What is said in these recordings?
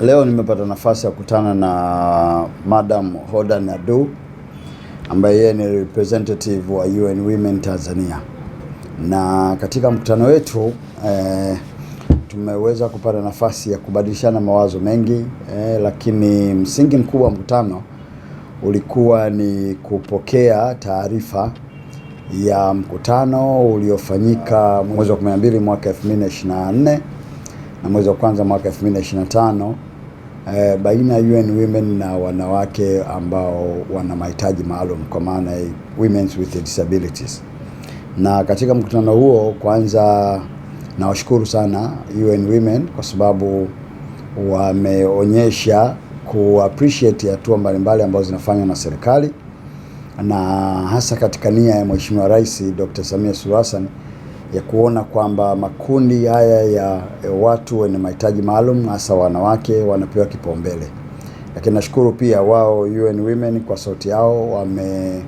Leo nimepata nafasi ya kukutana na Madam Hoda Nadu ambaye yeye ni representative wa UN Women Tanzania, na katika mkutano wetu eh, tumeweza kupata nafasi ya kubadilishana mawazo mengi eh, lakini msingi mkubwa wa mkutano ulikuwa ni kupokea taarifa ya mkutano uliofanyika mwezi wa 12 mwaka 2024 na mwezi wa kwanza mwaka 2025 eh, baina ya UN Women na wanawake ambao wana mahitaji maalum kwa maana women with disabilities. Na katika mkutano huo, kwanza nawashukuru sana UN Women kwa sababu wameonyesha ku appreciate hatua mbalimbali ambazo zinafanywa na serikali na hasa katika nia ya Mheshimiwa Rais Dr. Samia Suluhu Hassan ya kuona kwamba makundi haya ya watu wenye mahitaji maalum hasa wanawake wanapewa kipaumbele. Lakini nashukuru pia wao UN Women kwa sauti yao wame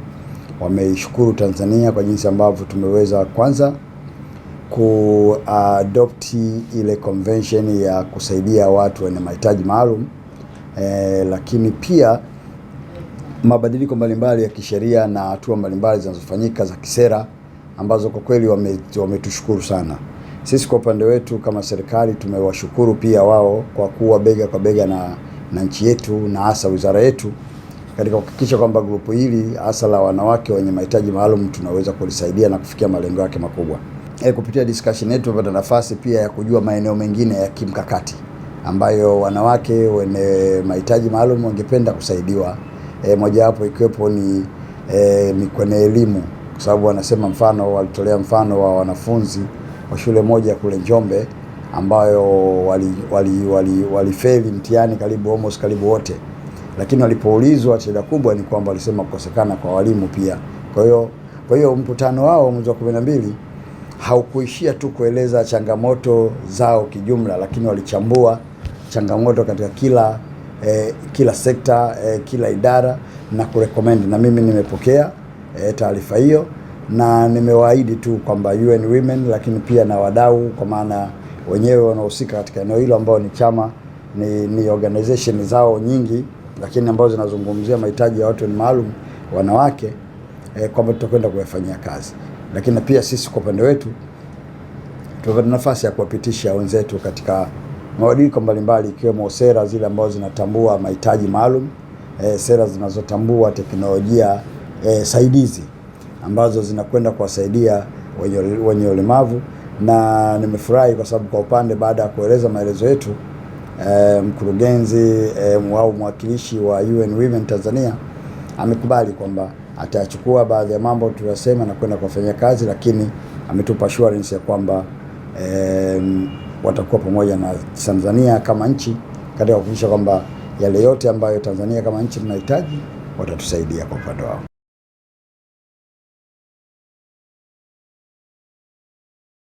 wameishukuru Tanzania kwa jinsi ambavyo tumeweza kwanza kuadopti ile convention ya kusaidia watu wenye mahitaji maalum e, lakini pia mabadiliko mbalimbali ya kisheria na hatua mbalimbali zinazofanyika za kisera ambazo kwa kweli wametushukuru wame sana. Sisi kwa upande wetu kama serikali tumewashukuru pia wao kwa kuwa bega kwa bega na, na nchi yetu na hasa wizara yetu katika kuhakikisha kwamba grupu hili hasa la wanawake wenye mahitaji maalum tunaweza kulisaidia na kufikia malengo yake makubwa. E, kupitia discussion yetu tumepata nafasi pia ya kujua maeneo mengine ya kimkakati ambayo wanawake wenye mahitaji maalum wangependa kusaidiwa. E, mojawapo ikiwepo ni, e, ni kwenye elimu kwa sababu wanasema mfano, walitolea mfano wa wanafunzi wa shule moja kule Njombe ambayo walifeli wali, wali, wali mtihani karibu almost karibu wote, lakini walipoulizwa shida kubwa ni kwamba walisema kukosekana kwa walimu pia. Kwa hiyo kwa hiyo mkutano wao mwezi wa 12 haukuishia tu kueleza changamoto zao kijumla, lakini walichambua changamoto katika kila eh, kila sekta eh, kila idara na kurekomendi, na mimi nimepokea e, taarifa hiyo, na nimewaahidi tu kwamba UN Women lakini pia na wadau kwa maana wenyewe wanaohusika katika eneo hilo ambao ni chama ni, ni organization zao nyingi, lakini ambazo zinazungumzia mahitaji ya watu maalum wanawake e, kwamba tutakwenda kuyafanyia kazi, lakini pia sisi kwa upande wetu tumepata nafasi ya kuwapitisha wenzetu katika mabadiliko mbalimbali ikiwemo sera zile ambazo zinatambua mahitaji maalum e, sera zinazotambua teknolojia e, saidizi ambazo zinakwenda kuwasaidia wenye, wenye ulemavu na nimefurahi kwa sababu kwa upande, baada ya kueleza maelezo yetu e, mkurugenzi e, au mwakilishi wa UN Women Tanzania amekubali kwamba atachukua baadhi ya mambo tuliyosema na kwenda kuwafanyia kazi, lakini ametupa assurance ya kwamba e, watakuwa pamoja na Tanzania kama nchi katika kuhakikisha kwamba yale yote ambayo Tanzania kama nchi tunahitaji watatusaidia kwa upande wao.